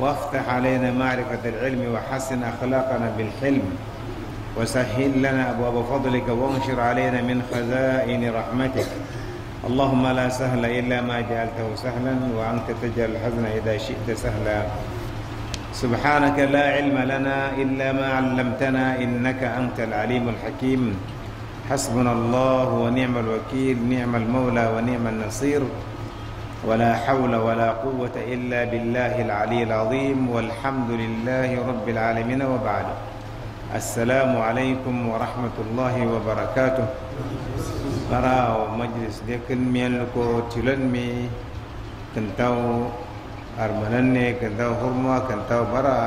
وافتح علينا معرفة العلم وحسن أخلاقنا بالحلم وسهل لنا أبواب فضلك وانشر علينا من خزائن رحمتك اللهم لا سهل إلا ما جعلته سهلا وأنت تجعل الحزن إذا شئت سهلا سبحانك لا علم لنا إلا ما علمتنا إنك أنت العليم الحكيم حسبنا الله ونعم الوكيل نعم المولى ونعم النصير ولا حول ولا قوة إلا بالله العلي العظيم والحمد لله رب العالمين وبعد السلام عليكم ورحمة الله وبركاته براو مجلس لكن ميلكو تلن مي كنتاو أرمنن كنتاو هرما كنتاو برا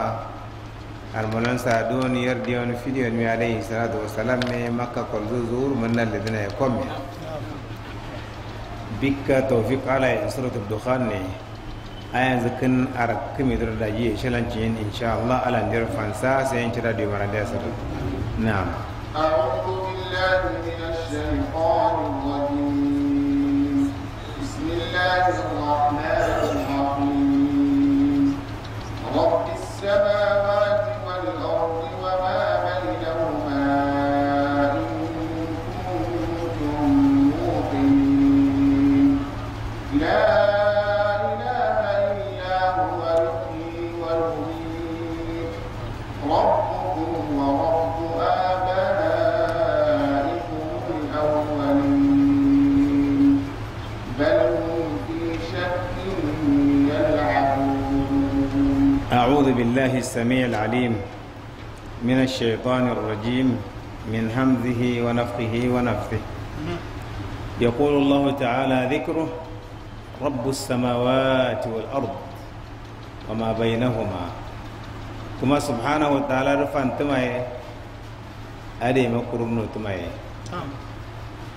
أرمنان سادون يرديون فيديون مي عليه الصلاة والسلام مي مكة كل زور من الذين يقومون bikka tawfiq ala suratul dukhan ne a yanzu kan arakka mai dora daji ya shalanci yin insha Allah ala ndir fansa sai yin tira da mara da sirri na'am a'udhu billahi minash shaitanir rajim bismillahir بالله السميع العليم من الشيطان الرجيم من همزه ونفخه ونفثه يقول الله تعالى ذكره رب السماوات والأرض وما بينهما كما سبحانه وتعالى رفان تماي أدي مقرن تماي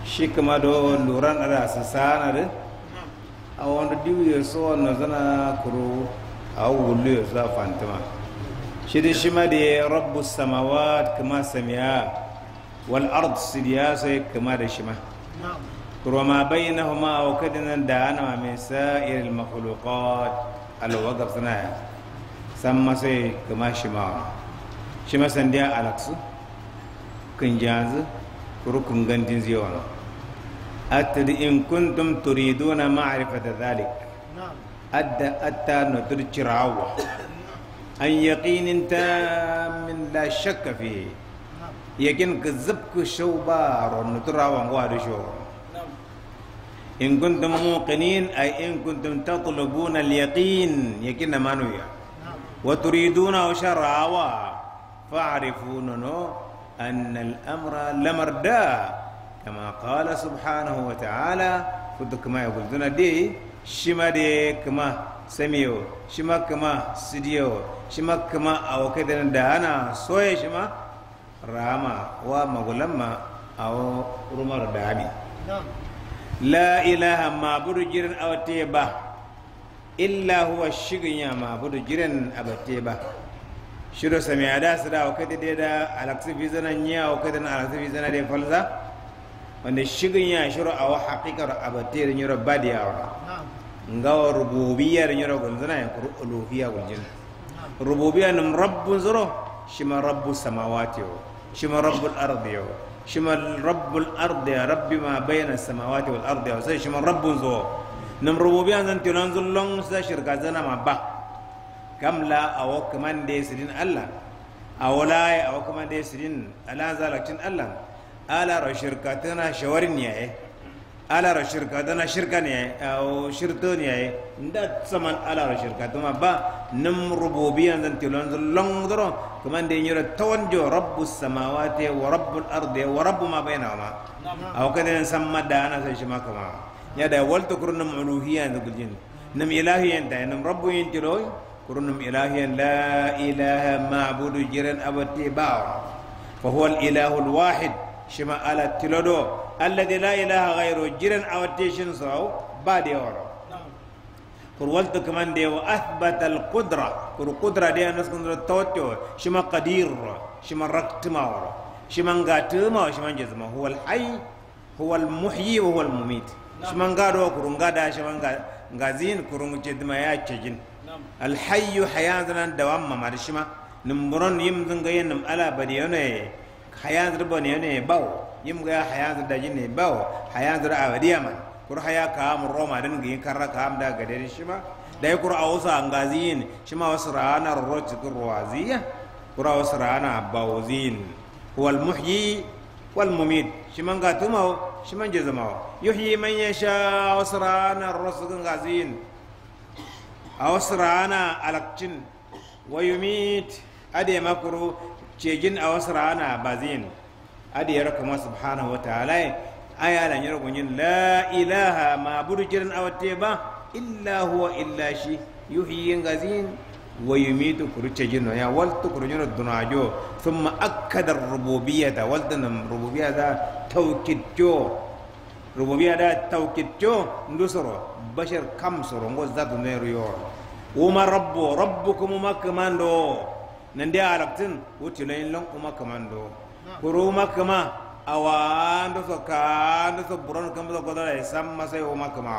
شكما دو لوران على أساسان أو أن ديو يسوع نزنا كرو أو اللي yo sula fantima شدي shima رب السماوات كما سميا والأرض samiya كما ard sidiya وما بينهما وكدنا دانا من سائر المخلوقات الوقف سنايا سما سي كما شما شما سنديا ألكس كنجاز ركن غندين زيوانا أتد إن كنتم تريدون معرفة ذلك نعم أدى أتى ندر جراوة أن يقين تام لا شك فيه يقين كذبك شوبار ندراوة وارد شوبار إن كنتم موقنين أي إن كنتم تطلبون اليقين يقين ما نويا وتريدون شراوة فاعرفون أن الأمر لمرداه كما قال سبحانه وتعالى فدك ما يقول دي shima ya kuma samiyo shima kuma sidiyo shima kuma awoke da ana soye shima rama wa magulamma a rumar dami la ilaha mabudu jiran awate ba illa huwa shiginya mabudu jiran abate ba shiro sami a dasu da de da da alaksi bizana nya awke na alaksi bizana ya falza wanda ya shiro haƙiƙar haqiqar abate ne da badiyawa ngawa rububiyya rin yoro zana ya kuru uluhiyya gulgin rububiyya nan rabbun zuro shima rabbu samawati yo shima rabbul shi ma shima rabbul ya rabbi ma bayna samawati wal ardi yau sai shima rabbun zo nan rububiyya zan tilan zullon sa shirka zana ma ba gamla awo da ya sirin allah A awolaya awo da ya sidin ala zalacin allah ala rashirka tana shawarin yaye eh. ala ra shirka dana shirka ne o shirto ne nda saman ala ra shirka tuma ba nim rububiyyan dan tilon long doro kuma de nyura tawanjo rabbus samawati wa rabbul ardi wa rabbu ma bainahuma aw kada samma da ana sai shi maka ma ya da wal tukrunum uluhiyyan da guljin nim ilahiyan da nim rabbu yin tiloi kurunum ilahiyan la ilaha ma'budu jiran abati ba fa huwa al ilahu al wahid شما على تلودو الذي لا إله غيره جيران أوتيشن سراو بادي أورو كور كمان ديو وأثبت القدرة كور قدرة دي أنس قدرة توتيو شما قدير شما ركت ما أورو شما نغاتما وشما جزما هو الحي هو المحي وهو المميت نعم. شما نغادو كور نغادا شما نغازين كور نجدما يا تشجين نعم. الحي حيانا دوام ما مارشما نمبرون يمزن يمزنغين نم ألا بديونه hayazir bo ne bawo yim ga hayazir da jine bawo hayazir awadiyaman kur haya mu roma din gi karra kam da gadari shima dai kur awusa angaziyin shima wasrana rot kurwaziya kur awsrana bawzin wal muhyi wal mumid shiman ga tumawo shiman je zamawo yuhyi man yasha wasrana a gazin awsrana alakcin wa yumit ade makru cegin a wasu rana bazin adiyar kuma subhanahu wa ta'ala aya lan yargunyin la ilaha ma burjirin wata ba illa huwa illa shi yuhyin gazin wa yumitu kurcejin ya waltu kurjin dunajo thumma akkada rububiyyata waldan rububiyyata tawkidjo rububiyyata tawkidjo ndusoro bashar kam soro ngo zatu ne riyo وما ربو ربكم ما كمان nan dia alaktin wuti lain long uma kamando kuru uma kama su ka da su buron kam do godala sam masai wa makama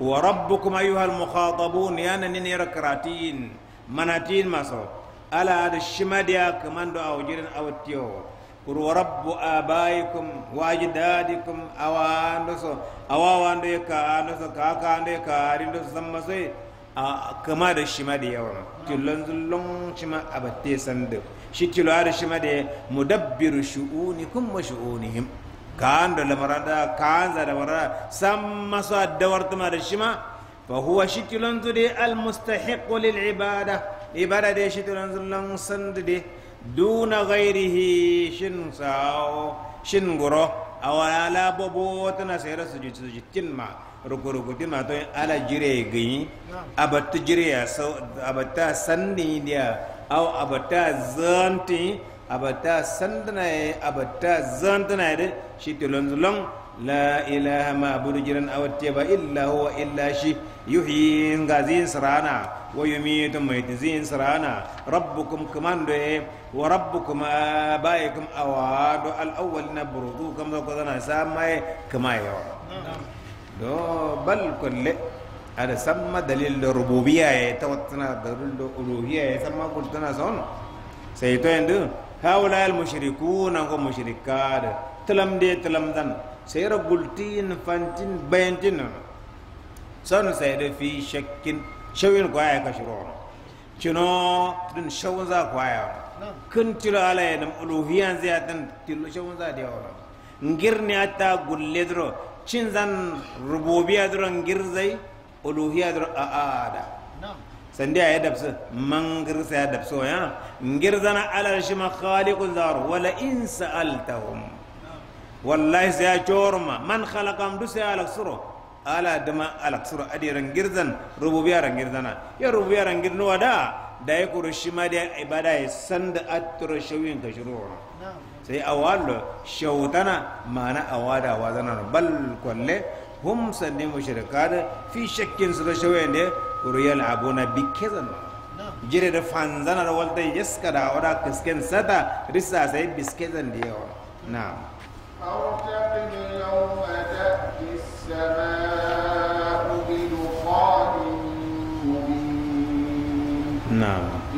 wa rabbukum ayyuhal mukhatabun yana nin karatiyin manatiyin maso ala da shimadia kamando wajirin awatiyo kuru wa rabbu abaikum wa ajdadikum a do so da ya ka da so ka ka ya ka da su sam masai a kama da shi ma da yawa tilon zullon shi ma a batte sandu shi tilawa da shi ma da mudabbiru shu'uni kun ma ka an da ka an za da marada san masu addawar tuma da shi ma fa huwa shi tilon zu al almustahiqu lil ibada ibada dai shi tilon zullon sandu dai duna ghairihi shin sao shin guro a wala bobo tana sayar su jitin ma Rukurukuti di ma ala jire gini abatta jire ya sau abatta sandi ya au abatta zanti abatta sandana ya abatta zantana ya shi tulon zulon la ilaha ma abudu jiran awatte ba illa huwa illa shi yuhyi zin sarana wa yumitu maitzin sarana rabbukum kaman ya wa rabbukum abaikum awadu al awwal nabrudu kam ko zana samaye kama yawa do bal kolle ada samma dalil do rububiyya ya tawattana dalil do uluhiyya ya samma kultana son sai to yandu haula al mushrikuna ko mushrikada talam de talam dan sai rabultin fantin bayantin son sai da fi shakkin shawin ko ya kashiro cino din shawun za ko kun tilo ala ya dam uluhiyyan zai tilo shawun za da yawa ngirni ata gulledro Cin zan rububiya duran girzai uluhiya duran ada. sandi ya dabsu man girsa ya dabsu ya girzana alal shi ma khaliqun zar wala in sa'altahum wallahi sai ya chorma man khalaqam du sai alak suro ala dama alak suro adi ran girzan rububiya ran girzana ya rububiya ran girnuwa da da ya kurushi ma da ibada ya sanda attura shawin ka shuru sai awallo shautana mana awada wazana bal kwalle hum sanni mushrikar fi shakkin su da shawende uriyal abuna bikezan jire da fanzana da walta yaska da wada kisken sata risa sai biskezan da yawa na'am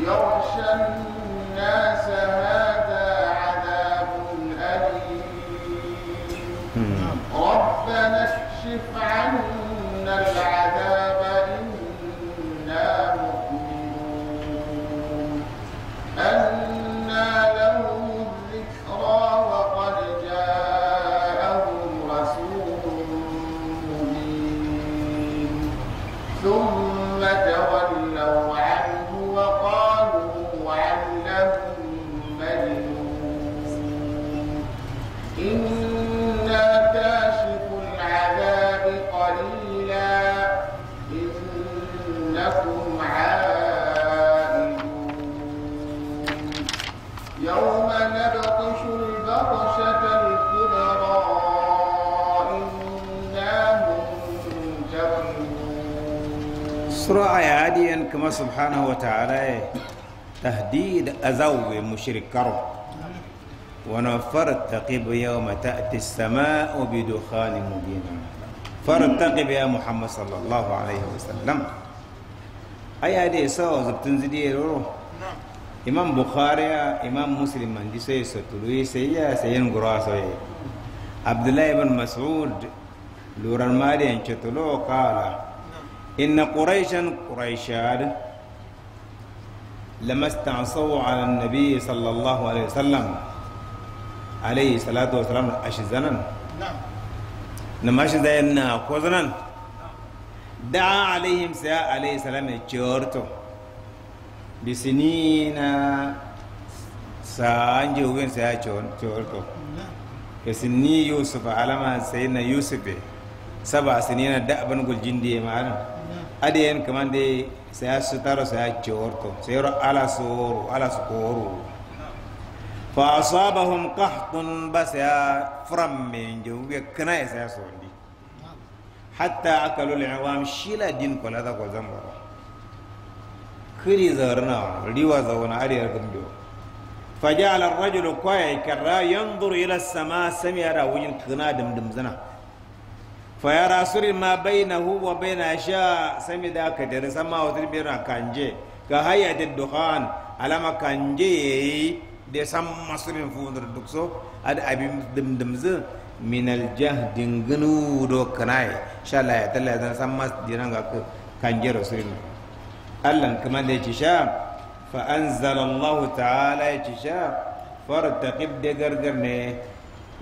Yawon سرعة هادي أن كما سبحانه وتعالى تهديد أزوي مشرك كرب ونفرتقب يوم تأتي السماء بدخان مبين فارتقب يا محمد صلى الله عليه وسلم أي هذه سوى زبطن زدي إمام بخاري إمام مسلم من دي سي ستلوي سي سيين قراسوي عبد الله بن مسعود لوران ماري أن قال إن قريشا قريشا لما استعصوا على النبي صلى الله عليه وسلم عليه الصلاة والسلام أشزنا نعم نما أشزنا دعا عليهم سياء عليه السلام جورتو بسنين سانجو وين سياء جورتو بسنين يوسف علما سيدنا يوسف سبع سنين دعبن قل جندي معنا adi yen kamande saya sutaro saya jorto sayro ala soro ala sokoro fa asabahum qahtun basya fram min jowge kana saya sondi hatta akalu al-awam shila din ko da gozan zambaro kiri zarna riwa zawana ari argamdo فجعل الرجل كوي كرا ينظر sama السماء سمع وجن كنا dumdum زنا fayara suri ma baina huwa baina sha sami da ka dare sama wa na kanje ga haya da duhan alama kanje da sam masurin fundur dukso ad abim dimdimzu min al jahdin do kanai sha la ya talla dan sam mas dinan ga kanje rasulin allan kuma da ci sha fa anzala Allah ta'ala ya ci sha fartaqib da gargar ne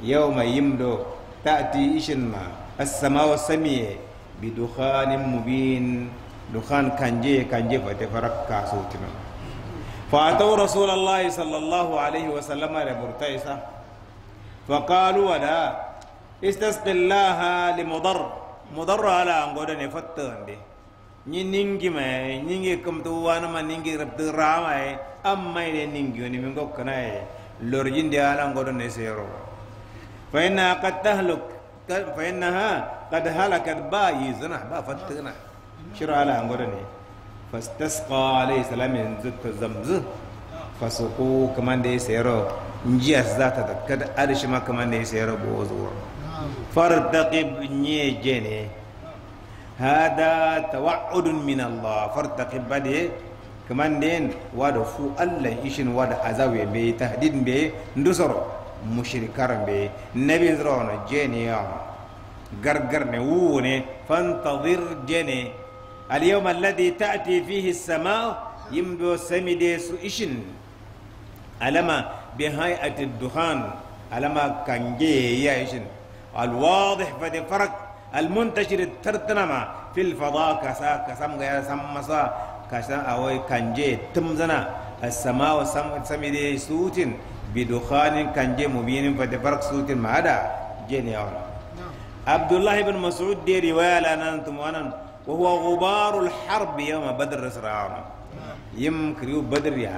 yau mai yimdo ta'ti ishin ma السماء السميع بدخان مبين دخان كنجي كنجي فتفرق كاسوتنا فأتوا رسول الله صلى الله عليه وسلم لمرتئسة فقالوا ولا استسق الله لمضر مضر على أنقود فتن دي نينجي ما نينجي كم kam ما نينجي ma راما rap tu ramai amma ile لورجين دي على أنقود نسيرو lorjin dia ala fayin na ha kada halakar ba yi zina ba fata zina shirin ala an gwada ne fastas kawai yanzu ta zamzin faso ko kamar da ya sayarwa jiya za ta dakka da arishi ma kamar da ya sayarwa ba wazo wa farar da ƙibin yi je ne hada ta wa'udun min allah farar da ƙibba da da yin fu allah ishin wa da azawiyar bai tahdidin bai dusarwa mushrikar be nabi zrono jeni ya gargarne wune fantadhir jeni al yawma alladhi ta'ti fihi as-samaa yimdo samide su ishin alama bi hay'ati duhan alama kange ya ishin al wadih fa farq al muntashir tartanama fil fada kasa kasam ga sammasa kasan awai kanje tumzana as-samaa samide sutin بدخان كان جي مبين فتفرق صوت معدا جيني أولا عبد الله بن مسعود دي رواية لنا أنتم وأنا وهو غبار الحرب يوم بدر سرعان يم كريو بدر يا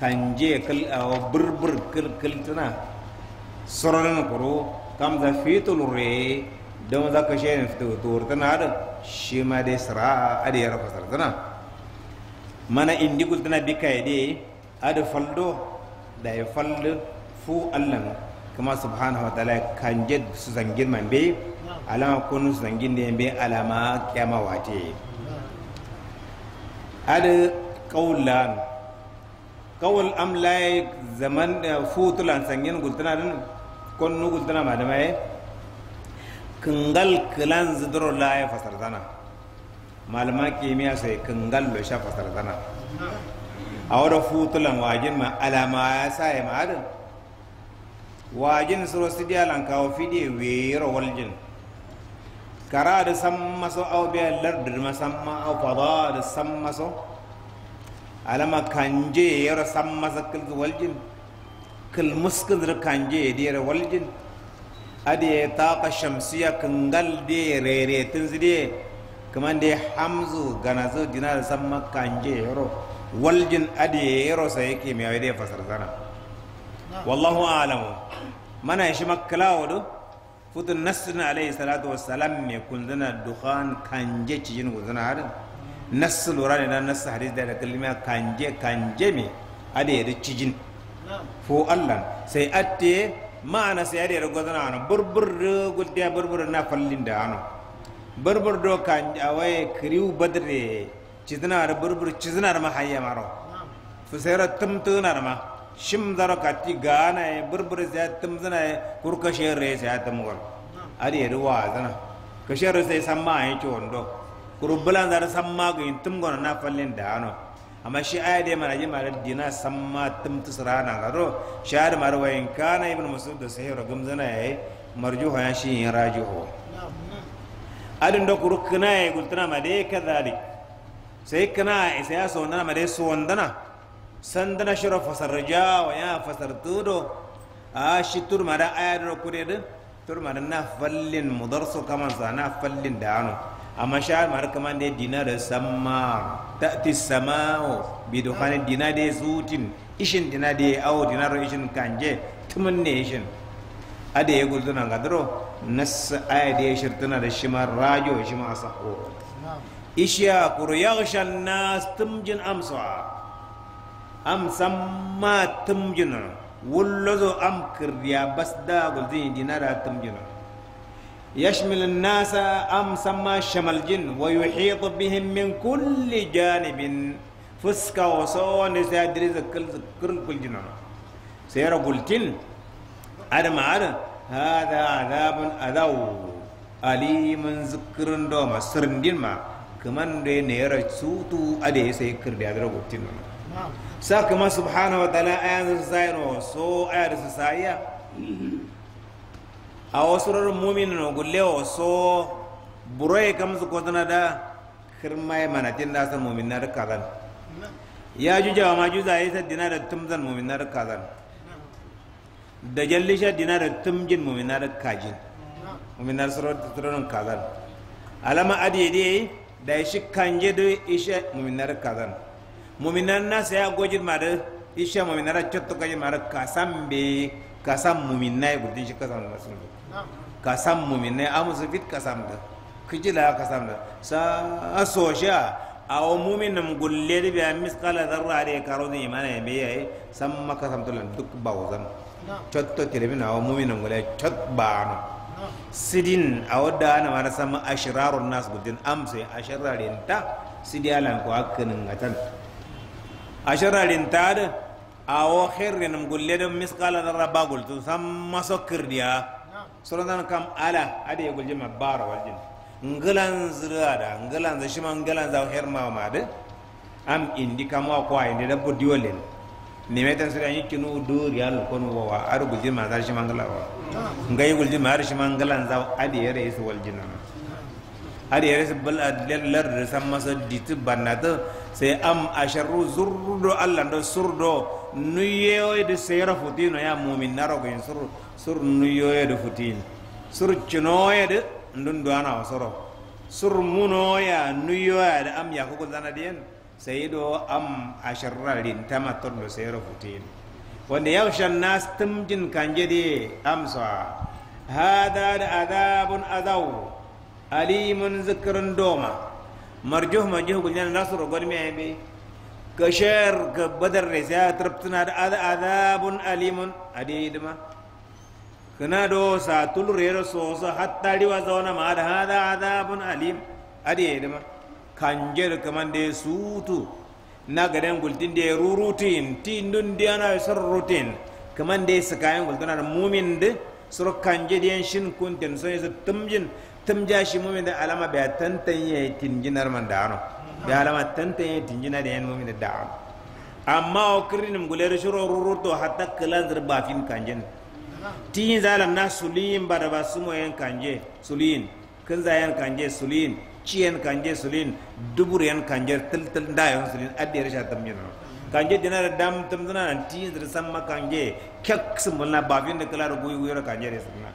كان جي كل أو بربر كل كل تنا سرنا كرو كم ذا فيتو نوري دم ذا كشين فتو تنا هذا شما دي سرعة أدي يا رب سرتنا mana indi إندي قلتنا بكايدي هذا فلدو da fallu fu allan kuma subhanahu wa ta'ala kan je su zangin man be alama kun su zangin ne be alama kiyama wate ada qawlan qawl am lai zaman fu tulan sangin gultana din kun nu gultana da ye kangal kalan zidro la ya e zana malama kimiyya sai kangal lo sha zana A wada futulan wajin ma alama ya sa ya ma'ada wajin suro sidi lan kawo fide wero waljin kara da san maso au biya lardir ma au kwaba da san maso alama kanje yaro san masa kilgi waljin kil muskil kanje diyar waljin ade taqa shamsiya kangal ya rere zide de da ya hamzu ganazo dinar san makanje yaro waljin adi yerosa yake ya fasar sana. wallahu alamu mana shi makkalawodo futun nassina alayhi salatu wassalam me kunzana dukhan kanje cijin kunzana hadin lura ne na nass hadis da kalma kanje kanje me ade yede cijin fo allah. sai atte ma'ana sai ade yede gozana ana burbur gudiya burbur na da ano burbur do kanje waye kriu badre Cizina chidnar burbur chiznarma hayya maro fusera tumtunarma shimdaro katti gana e, burbur sa tumzana e, kurka shere sa tumgol ari ru wazana kashere sai samma a e, ay chondo kurublan dar samma go intum gona na da dano amma shi aya dai maraji mara dina samma tumtu sarana garo shar marwa in kana ibn musu da ya sahira gumzana yayi marjuha shi yin rajuhu adin da kurukna ya gultana ma dai kadhalik Sai ya isa seekkana isayaa mare su wandana sandana shiro fasarjaa wayaa fasartuudo aashi turmada din turma da na fallin kama sa na fallin ano. amma shaar mara kamande dina da samma ta'ti samao biduhane dina de zutin ishin dina de awo dina ro ishin kanje tumun ne ishin ade ya gultuna ga daro nas aya de shirtuna da shima rajo shima asaho Ishiya ya yaghshan nas tumjin amsa amsan ma tumjin zo am kirya bas da yin dinara tumjin يشمل nasa أم سما شمل جن ويحيط بهم من كل janibin fuska waso ne sai adiri zakal zakar kuljin sai ra gultin adam adam hada adabun adaw alimin zikirin doma masrindin ma ಕಮನ್ರೆ ನೇರ ಸೂತು ಅದೇ ಸೇಕರ್ಡೆ ಅದರ ಗೊತ್ತಿನ ಸಾ ಕಮ ಸುಭಾನ ವತಲ ಆಯನ ಸಾಯನೋ ಸೋ ಆಯರ ಸಾಯ a wasu rarar mumin na gulle wasu burai kam su da kirmai manatin da san na kazan ya juja wa majuza ya sa dina da zan mumin na da kazan da sha dina da tumjin mumin na kajin mumin na da kazan alama yi. daishi kanjedu işe müminler kazan. Müminler nasıl ya mara ishe muminara chotto kaje mara kasambe kasam muminna burdin shi kasam rasul kasam muminna amuz fit kasam da kijila kasam da sa asosha awo muminum gulledi bi misqala dharra ale karodi imana yambe yayi samma kasam tulan duk bawzan chotto tilemina awo müminim gulle chot baano sidin a wadda ana mara sama ashirarun nas gudun amsa ashirarin ta sidi alan ko hakkanin gatan ashirarin ta da a wakirin gulle don miskala na raba gultu san maso diya suna zan kam ala ada ya gulje mabbara wajen ngalan zira da ngalan za shi ma ngalan za wakir ma da am indi kamwa ko ay ne da bodiwalen ne metan sura yikinu dur yal kono wa ar gulje ma za shi ma ngalawa ngai wulji ma shi man galan za adi yare su waljina adi yare isu bal lar da san masa ditu banata sai am asharu zurdo allah do surdo nuyoy de sayra futino ya mu'min naro go sur sur nuyoy de futin sur chinoy de ndun do ana wasoro sur munoya nuyoy da am ya ko zana den sai do am asharra lin tamaton do sayra futino wanda yau shan nas tumjin kan da ya amsa hada da azabun azau alimun zikirin doma marjuh marjuh gulnan nasru gol me be kashar ga badar ne sai tarbtuna da azabun alimun adidima kana do sa tul rero so so hatta riwa zona ma da hada azabun alim kamar kanjer kamande sutu na gaden gultin de rurutin tin dun de ana sar rutin kaman de sakayan gultin na mumin de sur kanje de shin kuntin so yasa tumjin tumja shi mumin da alama be tantanye tinjinar man dano be alama tantanye tinjina de yan mumin da dano amma o kirinin gulere shiro ruruto hatta kalandar bafin kanjen tin zalam na suliyin baraba sumo yan kanje suliyin kan zayan kanje suliyin ciyen kanje sulin dubur yan kanje tel tel nda yan sulin adde yar sha tam yano kanje dinar dam tam dana nan ti dir sam ma kanje kek sumbul na babin da kala rugu yura kanje re sunna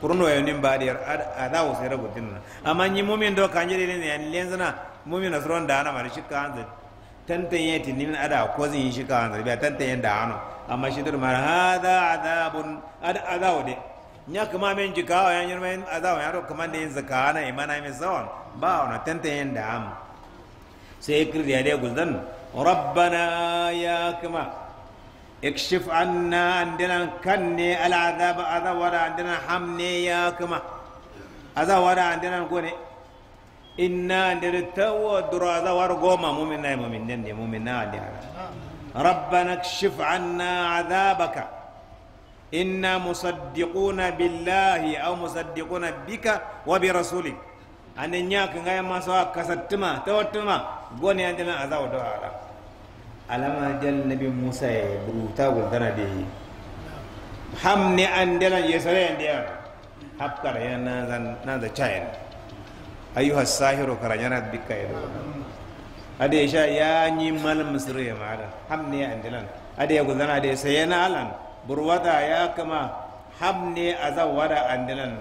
purno yo nim badi yar ada wo sera gotin na amma ni mumin do kanje re ne len zana mumin na suron da ana mari shi tan tantan yati nin ada ko zin shi kanze biya tan yan da ano amma shi dir mar hada adabun ada adawo de nya kuma men jikawa ya nyirma yin azawa ya ro kuma da yin zakawa na imana mai sawan ba wana tanta yin da sai ikir da ya guzdan rabbana ya kuma ikshif anna a kanne al'azab azawara andina hamne ya kuma azawara andina gone inna andina tawo dura azawar goma mumin na mumin ne mumin na andina rabbana ikshif anna azabaka inna musaddiquna billahi aw musaddiquna bika wa bi rasulik anen nya kan ga ma so kasattima tawattuma goni an dana azaw do ala alama jal nabi musa e ya buruta guldana de hamne an dana yesare an de hapkar ya na zan na da chayen ayyuha sahiru karajana bika ya ade sha ya nyi mal misri ya mara hamne an dana ade guldana de sayana alan burwada ya kama habne azawada andilan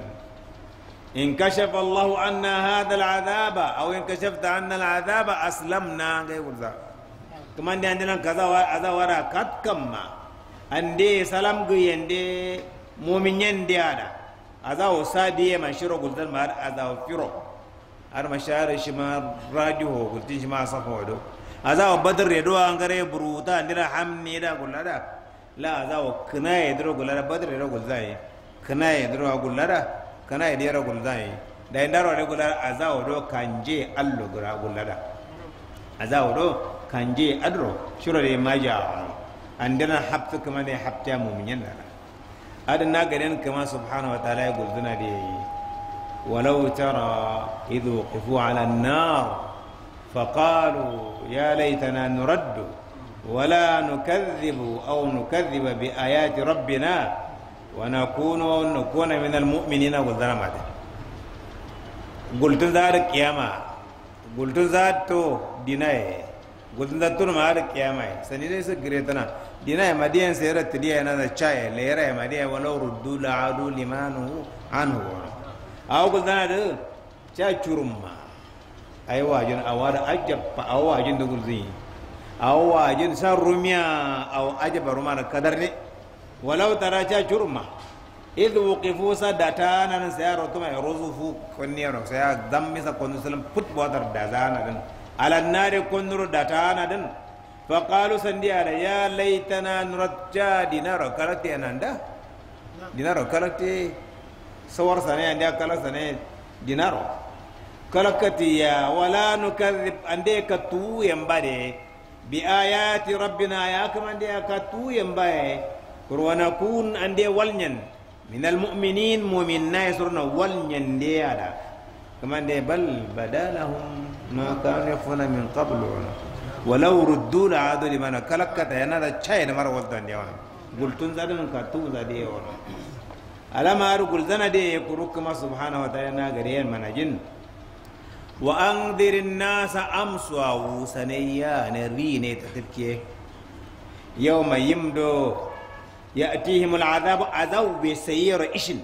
in kashafa Allah anna hadha al'adaba aw in kashafta anna al'adaba aslamna ngai wurza kuma ndi andilan kaza wa azawara katkamma ande salam guyende mu'min yende ada azaw sadiye man shiro guldan ma azaw firo ar mashar shima radio gultin shima safo do azaw badr redo angare buruta andira hamni da gulada la zawo kana ye dro gulara badre ro zai kana ye dro gulara kana ye dro zai da ro ne gulara azawo do kanje allo gura gulara azawo do kanje adro shuro ma maja andana hapta kuma ne haptiya mu'minin na adana garin kama subhanahu wa ta'ala ya gulzuna da yayi ولو ترى إذ وقفوا على النار فقالوا يا ليتنا نرد ولا نكذب أو نكذب بآيات ربنا ونكون نكون من المؤمنين والظلمات قلت ذات القيامة قلت ذات ديناي قلت ذات ما القيامة سنيرس قريتنا ديناي مدين سيرة تدي أنا ذا ليرة مدين ولو ردوا لعادوا لما نهوا عنه أو قلت ذات شاي شرما أيوة جن أوار أجب أوار جن دقول زين aw wajin san rumiya aw ajaba na kadar ne walau tara ta cha churma idh wuqifu sadata nan sayaro tuma yaruzufu kunni ro saya dammi sa konu salam put bodar da zana din alan nare konnuro data na din fa qalu sandi da ya laitana nuratja dinaro karate ananda dinaro karate sawar sane ande kala sane dinaro kalakati ya wala nukadhib ande katu yambade bi ayati rabbina ya kama ande akatu yambaye kurwana kun ande walnyan min almu'minin mu'minna yasurna walnyan de ada kama ande bal badalahum ma kanu yafuna min qablu walau ruddu la'adu limana kalakkata yana da chayna mara waddan de wana gultun zadin katu zade wana alama har gulzana de kurukuma subhanahu wa ta'ala na gare yan manajin wa an anzirin nasa amsuwa wusanayya na ne ta tafke yau mai do ya ati atihimul azabu azabu bai sayyar ishin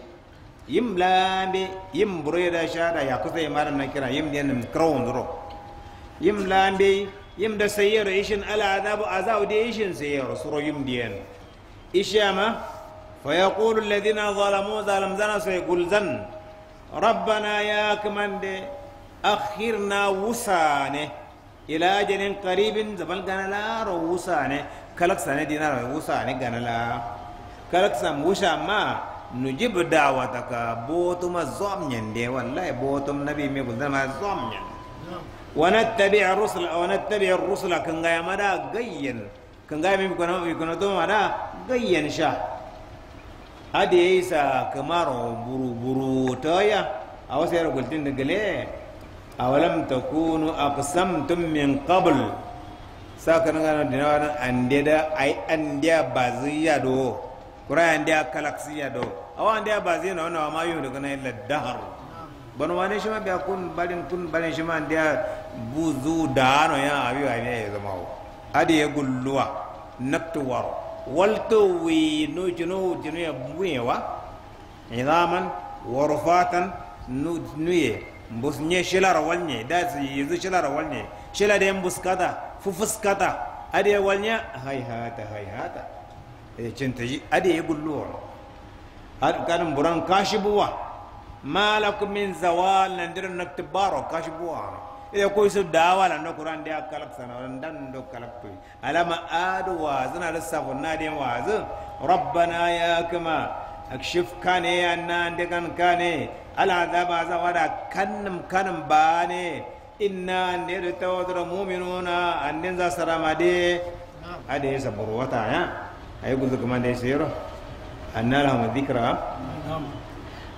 Yin lambe yim bureda shada ya kusa yi maran na kira yin da yanin krawon duro Yin lambe yin da sayyar ishin ala azabu azabu da ishin sayyar suro yin da yan ishama fa yaqulu alladhina zalamu zalam zana sai gulzan rabbana ya de. akhirna wusane ila karibin qaribin zabal la ro ne. Kalaksa ne dinar ne ganala la. Kalaksa wusha ma nujib dawataka botum azom nyende wallahi botum nabi me gudana ma zom nyende ونتبع الرسل ونتبع الرسل كنغايا مدا غين كنغايا مي كنا مي كنا غين شا ادي يسا كمارو برو برو تايا او سير قلتين awalam takunu aqsamtum min qabl saka na dina wana andeda ai andia baziya do kura andia galaxy do awa andia baziya na wana ma yun daga illa ladahar ban wane shi ma biya kun balin kun balin shi ma andia buzu dano ya abi wa ne zama o adi ya gulluwa naktu war walto wi no jino jino ya buyewa idaman warufatan nu nuye mbus nye shila rawal nye da yanzu shila rawal nye shila da yan buskata fufuskata ade walnya hai hata hai hata e ji ade ya gulluwa har kanin buran kashi buwa malakum min zawal nan dirin na tibaro kashi buwa ida e, ko su dawa nan da kuran da kalak sana nan dan da kalak to alama adu wa zana da safu na da wazu rabbana ya kama akshif kane ya nan da kan kane ala zaba za wada kannum kanum ba ne inna ne da ta wata da za su de a da yasa buru wata ya a yi guzu kuma da ya sayo an na lahama zikira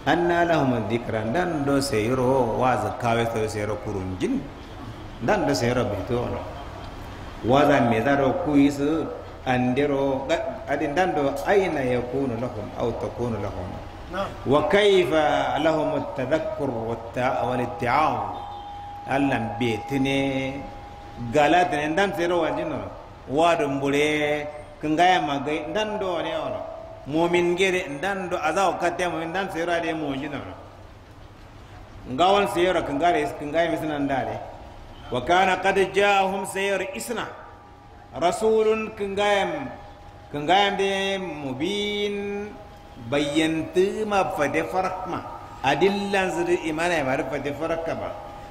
an na lahama zikira dan da sayo wa za kawai ta sayo kurun jin dan da sayo bai to wani wa za me ku yi su an dero adin da aina ya kunu lahum kunu wa kaifa lahum at-tadhakkur wa al-itta'ab allan betine galata ne dan sero wajino wado mbure kangaya magai dan do ne ono mumin gere dan do azaw katte mumin dan sero ade mo jino ngawan sero kangare kangaya misna ndare wa kana qad ja'ahum sayr isna rasulun kangayam kangayam de mubin bayyanta ma fade farakma adillan zuri imana ya mara fade farakka ba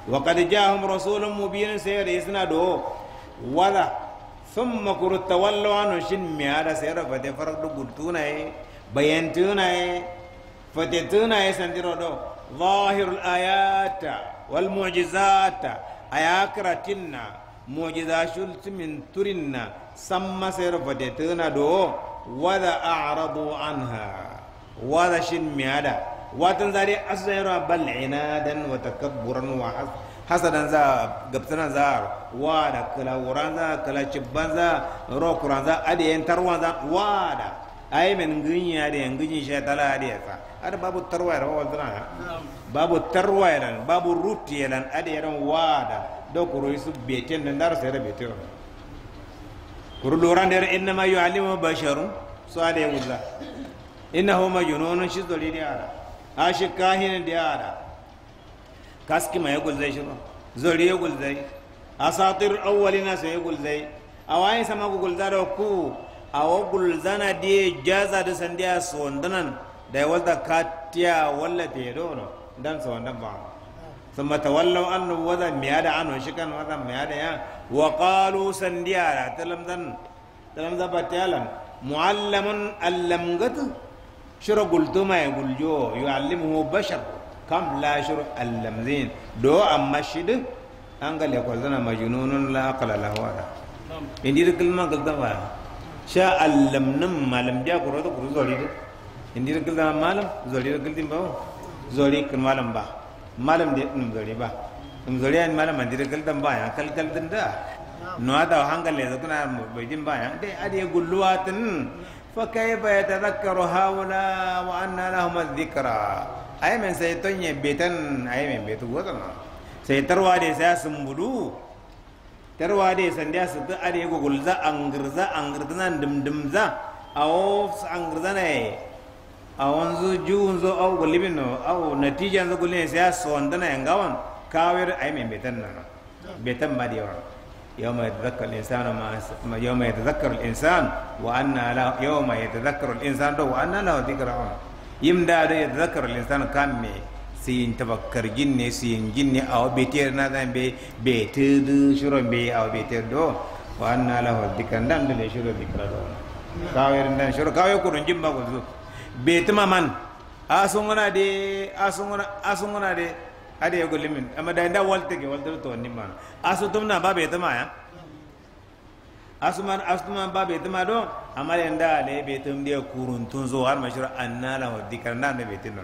wa kad ja'ahum rasulun mubin sayar isna do wala thumma kurta wallu an shin sayar fade farak du gutuna e bayyanta na e fade tuna e sandiro do wal mu'jizata ayakratinna mu'jiza shult turinna samma sayar fade tuna do wala a'radu anha wala shin miyada watan zare asayra bal inadan wa takabburan wa hasadan za gabtanan za wa da kala wuran za kala cibban za rokuran za adiyen tarwa za wa da ai men gunya da yan gunyin shatala adiya sa ada babu tarwa ra wa zana babu tarwa ran babu ruti ran adiya ran wa da dokoro su beten da dar sai da beten kuru loran da inna ma yu'allimu basharun so adiya wuza innahu majununun shi zori da yara a shi kahin da yara kaski mai gulzai shi zori ya gulzai a satir na sai ya gulzai a wani sama gulzai da ku a wa gulzana da ya jaza da sandiya suwandunan da ya wata katiya wala ta yi dono dan suwandun ba sun mata wallon annu wata miya da annu shi kan wata miya da ya wa kalu sandiya da talamzan talamzan ba talam mu'allamun allamgatu shiro gultuma ya guljo yu'allimuhu bashar kam la shiro allamzin do amma shidin an ga lekwa zana majnunun la aqla lahu ala indir kalma galda wa sha allamnam malam ja kuro to kuro zori Indi indir galda malam zori galdin ba zori kan malam ba malam de dum zori ba dum zori an malam andir galdan ba ya kal galdan da no ada hangale da kuna bai din ba ya dai ade gulluwatin فكيف يتذكر هؤلاء وأن لهم الذكرى أي من سيتون يبتن أي من بيت وطنا سيتروا دي سياسم بدو تروا دي سنديا ستو أدي يقول زا ذا أنغرزا دمدمزا ذا أنغرزا ني أو أنزو جو أنزو أو قلبينو أو نتيجة أنزو قلبين سياس سواندنا ينغوان كاوير أي من بيتن بيتن ما ديوان يوم يتذكر الإنسان ما يوم يتذكر الإنسان وأن له يوم يتذكر الإنسان وأن له ذكرى يمدا يتذكر الإنسان كان sin tabakkar ginne sin ginne aw beter na dan be beter du shuro be aw beter do wa anna lahu dikan dan de shuro dikra do kawer dan shuro kawer ko dun jimba ko betuma man asunguna de de ada ya gulli min amma da inda wal take wal to ni ma asu tumna babe tama ya asu man asu man babe tama do amma da inda le be tum dia kurun tun zo har mashru anna la dikar na ne be tin no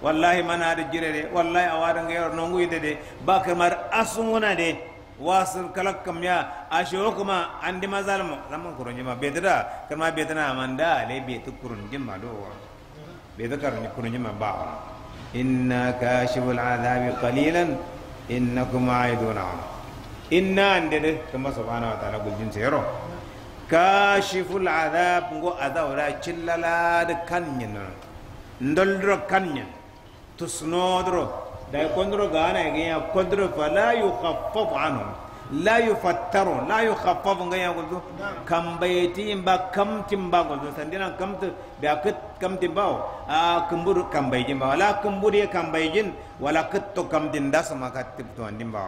wallahi man ada de wallahi awadan ga yor nongu ide de ba kamar asu ngona de wasan kalakkam ya ashiro kuma andi di mazalmo zaman kurun jima be tada kama be tana amanda le be kurun jima do be ta karun kurun jima ba inna kashiful azabi qalilan innakum aiduna inna andede kama subhanahu wa ta'ala guljin sayro kashiful azab ngo adawra chillala de kanyen ndoldro kanyen tusnodro da kondro gana ge ya kondro fala yukhaffaf anhum la yufattaru la yukhaffafu ngaya gozo kam bayeti imba kam timba gozo sandina kam tu bi akut kam timba a kumbur kam bayjin ba wala ye kam bayjin wala to kam dinda sama katib to andimba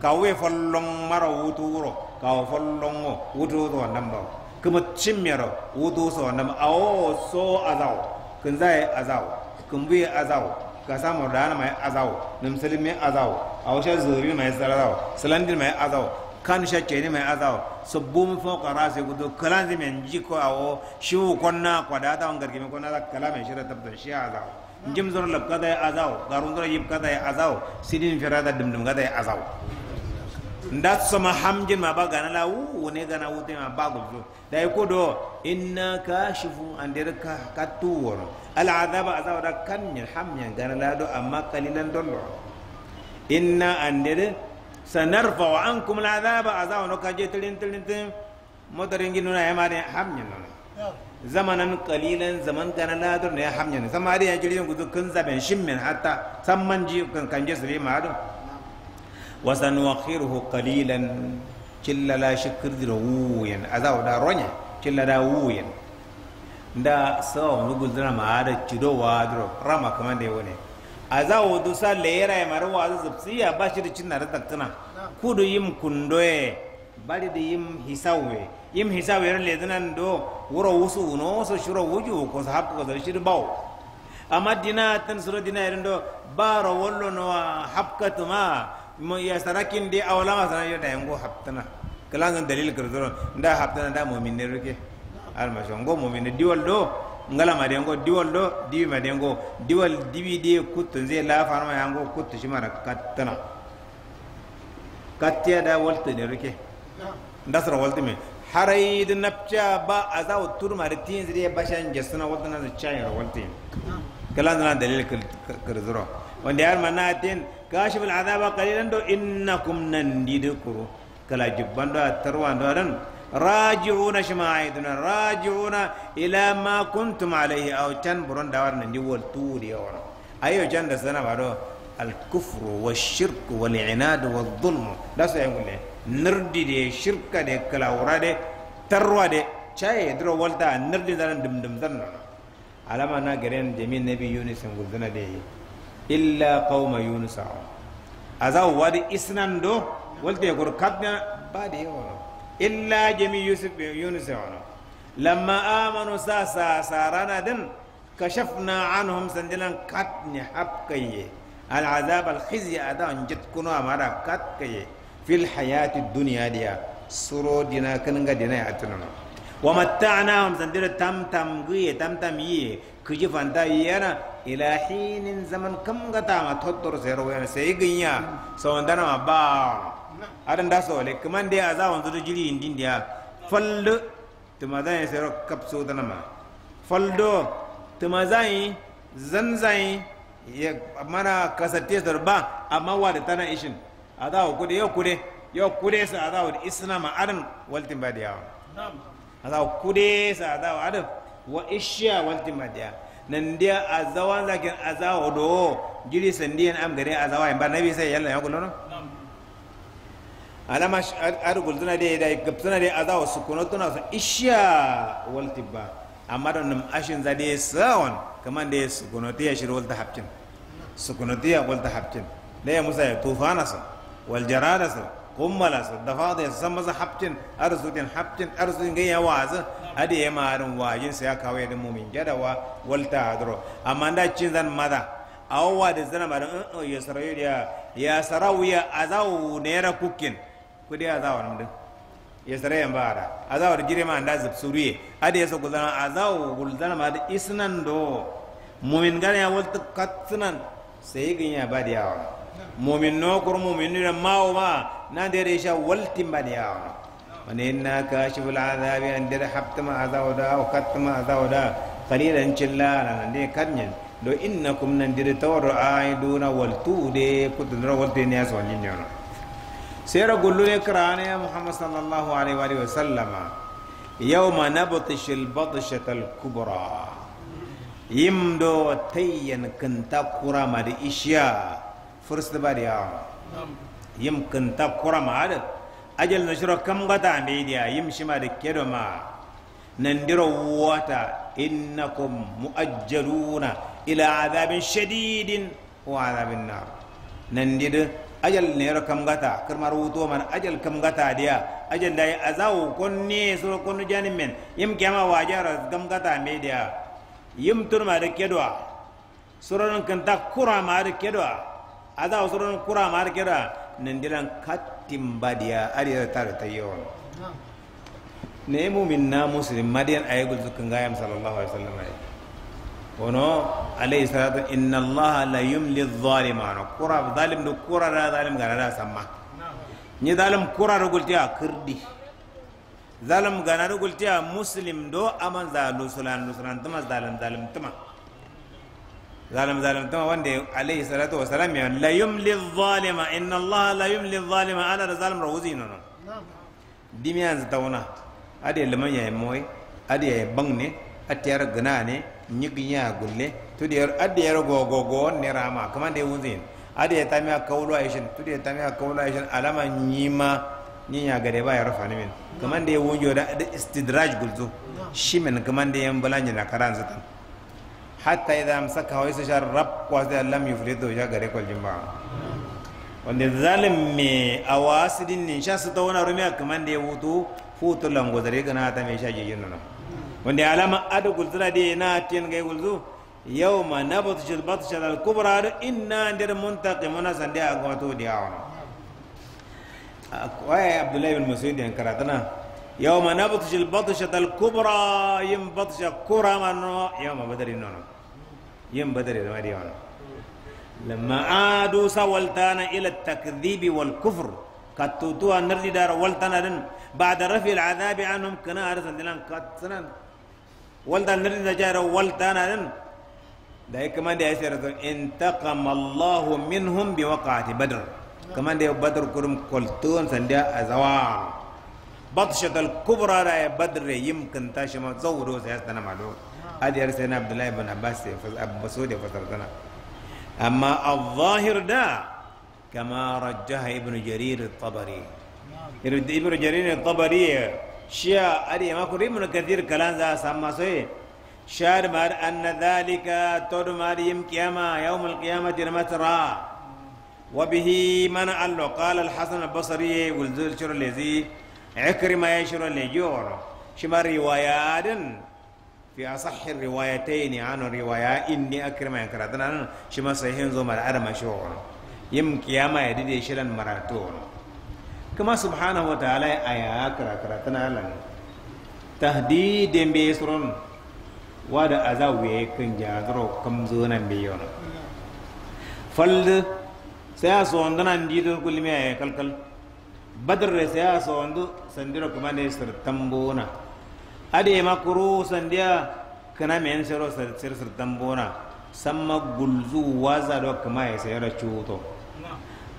kawe follong maro wuturo kaw follongo wutu to andamba kuma cimmero wutu so andamba awo so azaw kun azaw kun azaw gasa mordana mai azawo nimsili mai azawo awasha zuri mai sarazawo salandin mai azawo kan shacce ni mai azawo subbum fawqa rasi gudu kalanzi men jiko awo shiwu konna kwadata on gargimi konna kala mai shira tabbatar shi azawo njim zor labkada azawo garun zor yibkada azawo sidin firada dumdum gada azawo nda soma hamjin ma ba gana la wu wone gana wu te ma ba gubzu da ko do inna kashifu andir ka katu al azaba azab da kan min hamya gana la do amma kalilan dollo inna andir sanarfa wa ankum al azaba azab no kaje tilin tilin tilin motarin ginu na yamare hamya no zamanan kalilan zaman gana la do ne hamyan ne samari ya jirin gudu kun zaben shimmin hatta samman ji kan kanje sire ma do wasanuakhiruhu qalilan cillala shikkirdira wuuyen azawɗa roña cillaɗa wuuyen nda sawa nuguldira ma aɗa cido wadro rama kamande wone azawo dusa leyera e mara waza zubsiya bashiri cinnata taktina kudu yim kundoye da yim hisawe yim hisawe yero ledinan do wuro wusu wuno so shuro wuju ko so habko so shiru baw amma dina tan suro dina yeren do baro wollonowa habkatuma ya sarakin de awala ma sanan yota yango haptana kalangan dalil kurdoro nda haptana nda mu'minne ruke al mashongo mu'minne diwal do ngala ma dengo diwal do diwi ma dengo diwal diwi de kutun ze la ma yango shi mara kattana Katiya da walta ne ruke sara walta me harai da napcha ba a za a turma da tin zire bashan jasuna wata na da walta rawalta kala na dalil kirzuro wanda yar mana tin كاشف العذاب قليلا إنكم نندكم كلا جبان دو التروان دو دن راجعون شماعيدنا راجعون إلى ما كنتم عليه أو كان برون دوار نندي والتول يورا أيو جان دسنا بارو الكفر والشرك والعناد والظلم لا سيقول لي نردي دي شركة دي كلا ورا دي تروا دي شاي درو والتا نردي دي دم دم دم على ما نا جرين جميل نبي يونس نقول دي إلا قوم يونس أزاو ود إسنان دو ولت يقول كابنا بادي إلا جميع يوسف يونس لما آمنوا سا سا سارانا دن كشفنا عنهم سندلان كاتني حبكي العذاب الخزي أدا جت كنوا مرا كاتكي في الحياة الدنيا ديا سورو دينا كننغا دينا يعتنونا ومتعناهم سندل تم تم قوية تم تم يي kuji fanta yana ila hinin zaman kam gata ma tottor sai rawo yana sai ginya tsawon dana ma ba adan da so le kaman da za wanzu da jiri indin da fallo tuma zan sai ro kapso dana ma faldo tuma zan ya mana kasate zarba amma wa da tana ishin a za kude yau kude yau kude sa a za isna ma adan waltin ba da yawa a za kude sa a za adan wa ishiya wanti madiya nandiya azawa lakin azawa do jiri sandiyan am gare azawa ba na nabi sai yalla ya yakulo no alama arugul tuna dai da gaptuna dai azawa sukuno tuna su ishiya walti ba amma don nam ashin zade sawan kaman dai sukuno tiya shir walta su sukuno tiya walta habtin da ya musa ya tufana su wal jarada su. ummala su dafa da ya san maza haftin arzikin haftin arzikin ganyen ya waza ade ya marin wajin sa ya kawo ya dimu min jadawa walta tahadro amma da cin zan maza wawa da zan marin ya sarau ya ya sarau ya azawu ne ra kukin kudi azawa nan din ya sarayu yan bara azawa da gire ma da zubsuriye ade ya so wa azawu gulzana ma da isnan do mumin gana ya walta katsunan sai ba ya yawa. مؤمن نوكر مؤمن نوكر ماو ما نادر إيشا والتم بنيا وننا كاشف العذاب اندر حبتم عذاودا وقتم عذاودا قليلا انشلا لنندي كرنين لو إنكم نندر تور آيدونا والتو دي كتن رو والتو نياس ونين يونا سيرا قلو لك راني محمد صلى الله عليه وآله وسلم يوم نبطش البطشة الكبرى يمدو تيين كنتا قرى مدئشيا Fursu ba da ya yim kinta kura ma adadu ajal ne shiro kamgata mbe diya yim shima da kedo ma. Nandi ro wuwata yin na ila azabin sha didin ko azabin na. Nandi ajal ne ya kamgata kuma ruwa to ma na ajal kamgata da ya ajal da ya yi azawu konu janin man yim kiyama wajen da kamgata mbe yim tunu ma da kedo a suro kura ma kedo aza usuron kura mar kira nandilan katin badiya yi tar tayyon ne mumin na muslim madiyan ayegul zukun sallallahu alaihi wasallam ono alayhi salatu inna allah la yumli adh-dhaliman kura zalim du kura da zalim gana da samma ni zalim kura rugultiya ah, kirdi zalim gana rugultiya ah, muslim do aman za lusulan tuma zalim zalim tuma zalim zalimtama wande alayhi salatu wa salam ya la yumli zalima inna allah la yumli zalima ala da zalim rawuzi nono dimi yanzu tauna ade liman ya moy ade ya bang ne atiyar gana ne nyiginya gulle to de ade ya go go go ne rama kuma de wuzin ade ya tamiya kaulu aishin to de tamiya kaulu aishin alama nyima ninya gade ba ya rafa ne min kuma de wunjo da istidraj gulzo shimin kuma de yan bulanya na karan zatan Hata hatta idha amsakahu yasjar rab wa lam yufridu ja gare kol jimba wanda zalim wasu din nin sha su rumi a kaman da ya wutu futu lango zare kana ta me sha jigin nan wanda alama adu gulzura de na tin gai gulzu yawma nabtshil batshal al kubra inna ndir muntaqimuna sande agwato diawana akwai abdullahi bin masud yan karatana يوم نبطش البطشة الكبرى يم بطشة كرة يوم بدري نونا يم بدري نونا لما عادوا سولتانا إلى التكذيب والكفر كتوتوا نردي دار ولتانا دن بعد رفع العذاب عنهم كنا أرسل دلان كتسنان ولتان نردي دار ولتانا دن داي كمان دي أسير انتقم الله منهم بوقعة بدر كمان دي بدر كرم كلتون سنديا أزوار بطشة الكبرى راي بدر يمكن تاشما زورو سيستنا معلوم هذه أرسلنا عبد الله بن عباس أبو مسعود فسرتنا أما الظاهر ده كما رجح ابن جرير الطبري ابن جرير الطبري شيا أري ما كوري من كثير كلام ذا سما سوي شار مار أن ذلك تور مريم قيامة يوم القيامة المترى وبه من قال الحسن البصري الشر الذي ɛkiri ma yɛn shiro lɛ jɔɔrɔ shima riwaya adin fi a riwaya ta yi ni a nɔ riwaya in ni ɛkiri ma yɛn kira tana nana shima sa hin zo mara adama shiwɔɔrɔ yim kiya ma yɛ didi shiro lɛ mara kuma subaxana wa taala yɛ a yaa kira kira be soro nɔ wadda a za wuye kan jaa doro kam zo na bi yɔrɔ falde sayaso ndana ndi kalkal badr da sai sa wando sandira kuma ne sirtan bona ade makuru sandiya kana me yan sero sir sirtan bona samma gulzu waza do kuma ya sayara chuto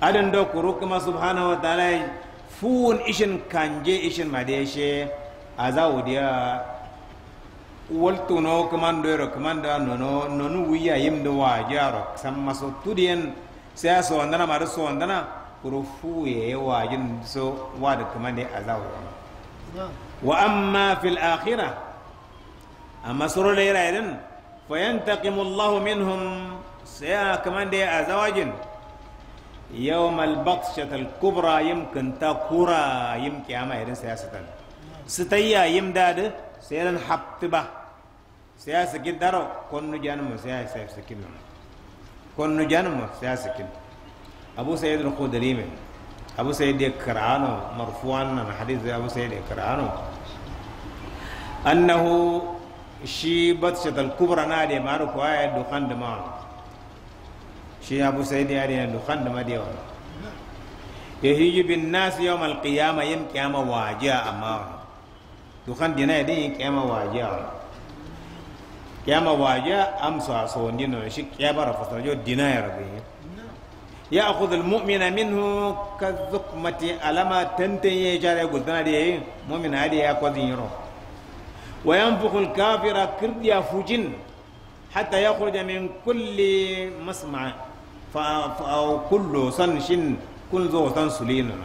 adan do kuru kuma subhanahu wa ta'ala fun ishin kanje ishin madeshe azawudiya waltu no kamando ro kamando no no no nu wiya yimdo wa jaro samma so tudien sai so andana maru so andana rufu ya yi wajin so wa da kuma ne a zawo wa amma fil akhira amma suru da yirayen fayan taqimullahu minhum sai a kuma da a zawajin yau malbat shatal kubra yim kanta kura yim kiyama sai irin siyasatan sitayya yim dadi sai ba. nan haftiba siyasa gidaro konnu janmu siyasa sakin konnu janmu siyasa sakin أبو سعيد الخدري من أبو سعيد يكرانو مرفوعا عن حديث أبو سعيد يكرانو أنه شي بطشة الكبرى نادي مارو كوايا دخان دماء شي أبو سعيد يعني دخان دماء ديوان يهيج بالناس يوم القيامة يم كيامة واجا أما دخان دينا يدين قيامة واجا قيامة واجا أمسوا صون دينا شي قيامة رفتنا جو دينا يا ربي ya'khudhu al-mu'mina minhu kadhukmati alama tantan ya jara gultana da yayin mu'min hadi ya kwazin yaro wa yanfukhu al-kafira kirdiya fujin hatta yakhruja min kulli masma fa aw kullu sanshin kun zo san sulina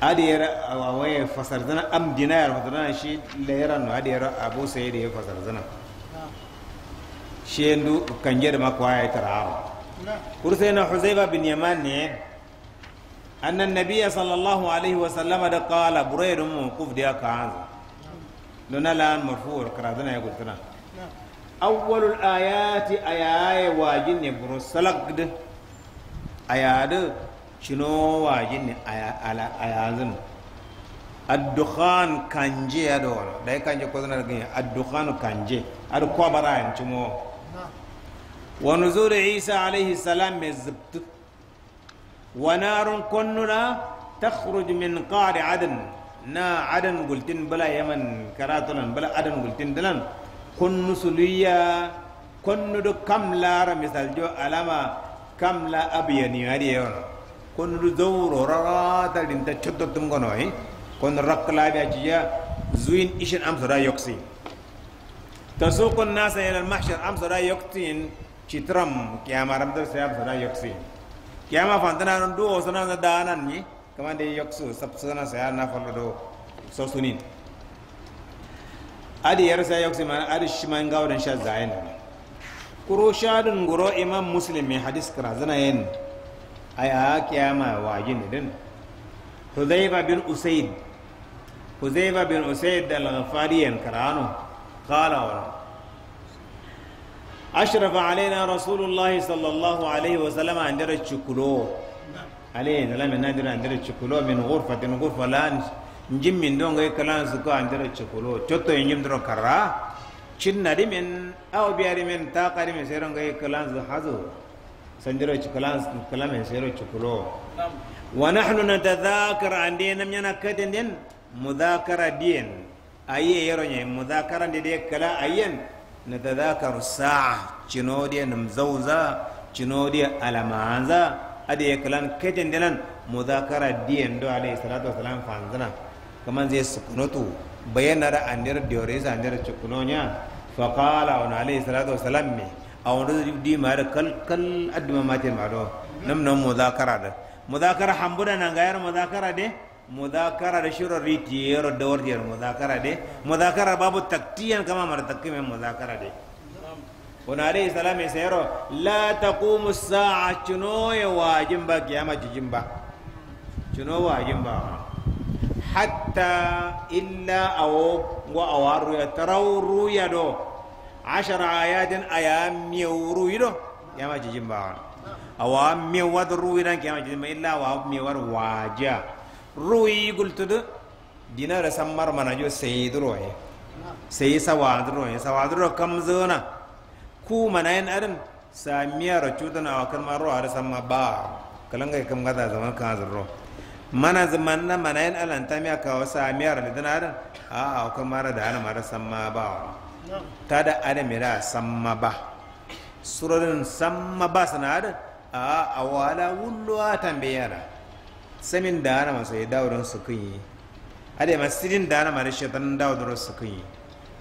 hadi ya waye fasar zana am dinar fasar shi layaran no ya abu sayyid ya fasar zana shi yanzu kan je da kurusena huzaifa bin yaman ne annannabiya sallallahu alaihi wa sallama da kala burai da mu kuf da ya kanza don na an marfu wa karazana ya gudana awwalul ayati ayaye wajin ne buru salagda ayadu cino wajin ne ayazin addukhan kanje ya dole dai kanje ko da ganye addukhan kanje ar kwabara yan cimo ونزول عيسى عليه السلام مزبط ونار كننا تخرج من قار عدن نا عدن قلتن بلا يمن كراتلن بلا عدن قلتن دلن كن سليا كن دو كم لا مثال جو علامة كم لا أبين يهدي يون كن دو زور رات دين تشتت تمكنوه كن رق لا بيجيا زوين إيشن أمس را يكسي تسوق الناس إلى المحشر أمس را يكتين citram kiyama ramdar sayam sana yoksi kiyama fantana non do sana na danan ni kamande yoksu sab sana saya na fallo do so adi yar saya yoksi man adi shiman gawdan sha zayin kuro shadun guro imam muslim hadis kara zana yin ay a kiyama wajin din hudayba bin usaid hudayba bin usaid al-ghafari yan Kala qala ashirar ba alai na rasulullahi sallallahu alaihi wa sallama an dara cikulo alai na lamin na dara an dara cikulo min gurfa din gurfa lan jin min don gai kalan su cikulo coto yin jin dara kara cin awa biya rimin ta kari sai rangayi kalan su hazo san dara cikulamin sai cikulo wani hannu na ta zakar an dai nan yana kadin din mu zakar a biyan a yi yaron yin mu zakar da dai kala a yin Na natadhakaru saa cinoɗiya nam zawza cinoɗiya alamaanza adi ye kalan ketendelan mudakara diyen do alayhi salatu wasalam fanzana kaman da sukunotu bayanara andera dioresa andera cukunoña faqala on alayhi salatu wasalam me awonɗo dimaɗa kal kal adduma maten maɗo nam non mudakara ɗa mudakara hambuɗa nangayar mudakara de mudhakara da shiro riti yero da wardiyar mudhakara dai mudhakara babu taktiyan kama mara takkimin mudhakara de wani alayhi salam ya sayaro la taqumu sa'a cino ya wajin ba kiyama jijin ba cino wajin ba hatta illa awo wa awaru ya tarau ruya do ashara ayatin ayami wuru yido kiyama jijin ba awa mi wadru yidan kiyama jijin ba illa awa mi war waja ruyi gultudu dinara sammar manajo seyidroye seyi sawadroye sawadro kam zona ku manayen adam samiyaro cudana ruwa maro ada samma ba kalanga kam gada zaman kan azro mana zaman na manayen alantami aka wasa miya da dana adam a awakan mara da ana mara samma ba ta da adam samma ba surarin samma ba sana adam a awala wulwa tambiyara semin daanama so ye dawudon sukun da adema sidin daanama de shaitan dawudoro sukun ye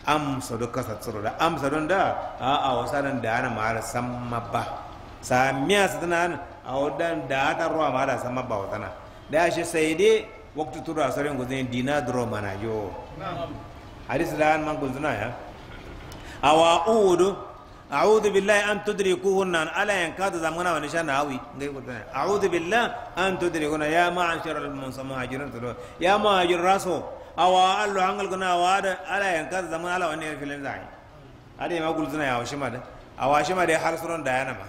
am sodo kasa tsoroda am don da a a da ana mara samma ba sa tana satanan a wadan da ata ruwa ma da samma ba na da shi sai dai waktu turu a sauran guzin dina duro mana yo hadisi da an man guzina ya awa wa'udu أعوذ بالله أن تدركوهن ألا ينكاد زمنا ونشان هاوي أعوذ بالله أن تدركوهن يا معشر المهاجرين يا مهاجر راسو أو أقول له هنقل كنا واد ألا ينكاد زمنا ألا ونير في الإنزاعي هذه ما قلتنا يا وشما ده أو وشما وشمد حرصرون ديانا ما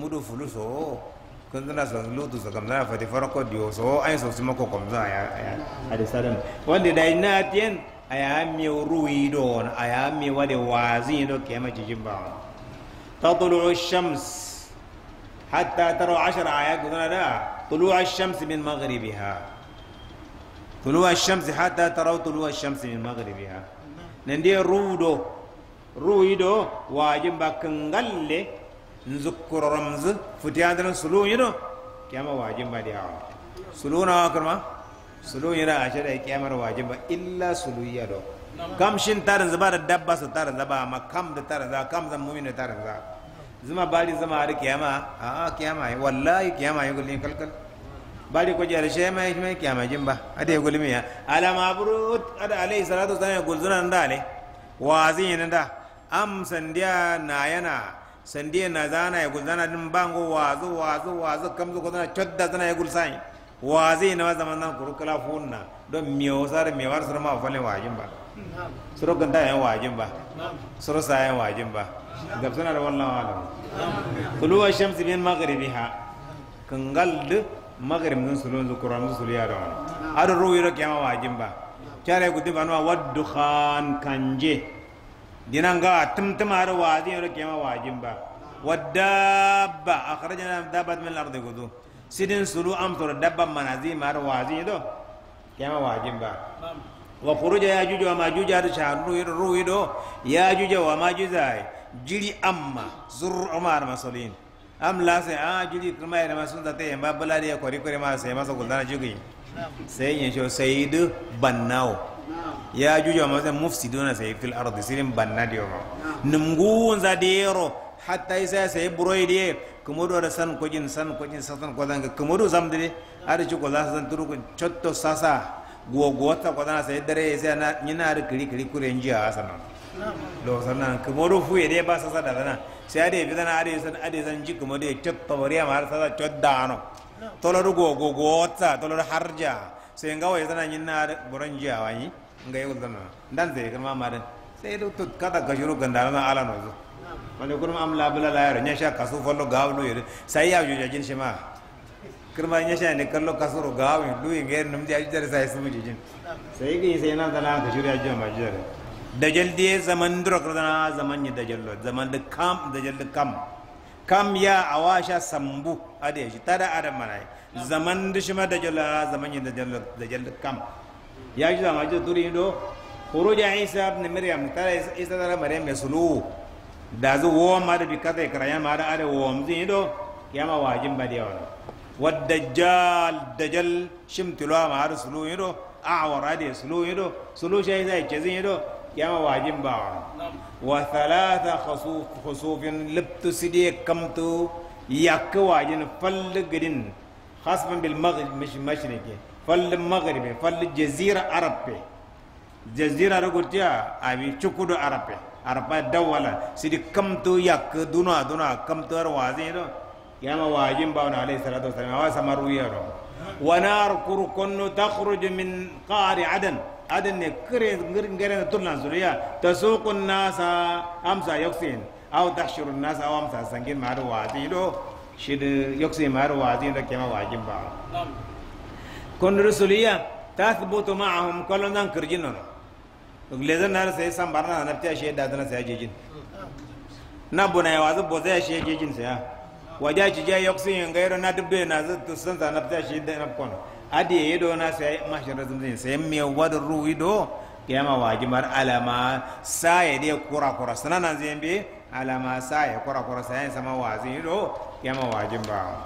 مدو فلوسه كنت ناس لوتو زنا فتفرقوا ديوسو أين سوسمكو زنا يا يا هذا سلام وندي داينا تين أيامي ruwi أيامي ودي وازين كما do تطلع الشمس حتى ترى عشر آيات قلنا لا طلوع الشمس من مغربها طلوع الشمس حتى ترى طلوع الشمس من مغربها نندي رودو رويدو واجب كنغل نذكر رمز فتيان سلو يدو كما واجب بديعه سلونا كرما sulu yana a shari'a kiyamar ba illa sulu ya do kam shin tarin zaba da dabba su tarin zaba amma kam da tarin zaba kam zan mumin da tarin zaba zuma bari zama har kiyama a kiyama yi wallahi kiyama yi gulin kalkal bari ko jiyar shi mai mai kiyama jin ba ada ya gulmi ya alama buru ada alai salatu sanin gulzuna nan da alai wazin nan da am sandiya na yana sandiya na zana ya gulzana din bango wazo wazo wazo kam zo ko zana chodda zana ya gulsani wazi na zama nan kuru kala funna don miyo sar miyo war sur ma falen wajin ba suro ganta yan wajin ba suro sa yan wajin ba gab suna da wallan alam tulu wa shamsi min maghribiha kangal de maghrib nun sulun zukuram suliya da wani adu ruwi ro kiyama wajin ba kyare gudu banwa waddu khan kanje dinanga tumtuma ro wazi ro kiyama wajin ba wadabba akhrajna dabat min al-ardi gudu sidin suru am soro dabba manazi mar wazi do kema ba. wa khuruja yajuj wa majuj ar shahru ruhi do yajuj wa majuj zai jiri amma zur umar masulin am la sai a jiri kuma ira masun da tayi ba bala ya kori kori ma sai masa guldana jugi sai yin sho sayidu bannao yajuj wa majuj mufsiduna sai fil ardi sirin bannadiyo numgun zadero hatta isa sa e kuma kumodo da san kujin san kujin sasan ga kumodo zamdire ari chuko la san turukun chotto sasa gogota guo ta kodana sai dare sai na nyina ari kiri kiri kurenji a sana lo sana kumodo fu ede ba sasa da sana sai bi sana ari san ade san ji kumodo chotto bariya mar sasa choddano toloro guo guo guo ta toloro harja sai ngawa wai na nyina ari boranji a wani ngai ultana dan sai kuma madan sai to kada gajuru gandana ala nozo mande kurma am labula layaro nyasha kasu folo follo gawnu yede sai ya juja jin shima kurma nyasha ne kallo kasu kasuro gawni duyi ngere num dia jidare sai sumu jin sai gi sai nan dana ka shuri ajjo ma jidare dajal diye zaman duro kradana zaman ni dajallo zaman da kam dajal da kam kam ya awasha sambu ade shi tada adam manai zaman da shima dajalla zaman ni da dajal da kam ya ji zama ji turi do khuruj isa ibn maryam tara isa tara maryam yasulu dazu wo ma da bi kata ikra ya ma da ada wo mzi do kiyama wajin ba da yawa wad dajjal dajjal shimtulwa ma har sulu yido awara da sulu yido sulu shay zai ce zin yido kiyama wajin ba wa thalatha khusuf khusufin libtu sidi kamtu yakka wajin fal gadin khasban bil maghrib mashriqi fal maghrib fal jazira arab jazira rugutiya abi chukudu arab أربعة دولا سيدي كم تو يك دونا دونا كم تو أروازين رو يا ما واجين باون عليه سلامة سلامة هوا سمروي رو ونار كركن تخرج من قار عدن عدن كري غير غير تطلع سوريا تسوق الناس أمسى يوكسين أو تحشر الناس أو أمسى سنجين مارو واجين رو شد يكسين مارو واجين رو كم واجين باون كن رسوليا تثبت معهم كلنا كرجنون donc les sai san barna na fita shi da dana sai jejin na bona ya wazu bo sai shi jejin sai waja ci je yok sin gairo na dubbe na zu san sa na shi da na kon adi ye do na sai mashara zumzin sai me wadar ruwi do kiyama wajimar alama sa ya kura kura sanan zai be alama sa kura kura sai sama wazi do kiyama wajin ba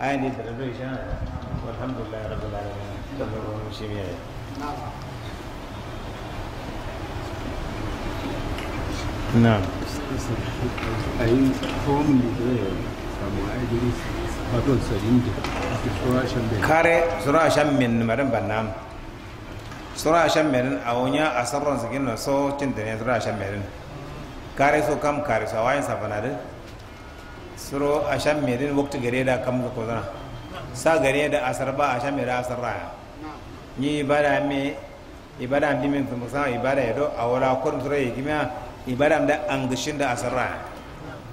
ayi ne da rabbi shan walhamdulillah rabbil alamin sallallahu alaihi wa sallam No. أي قوم kare sura shan min madan bannam sura shan min a wonya a sarron su na so cin da ne sura shan min kare so kam kare so wayan safana din suro a shan min wakti gare da kam ko zana sa gare da asar ba a shan min da asar raya ni ibada me ibada bi min fa musa ibada do a wala kwan sura gima. da angishinda asarra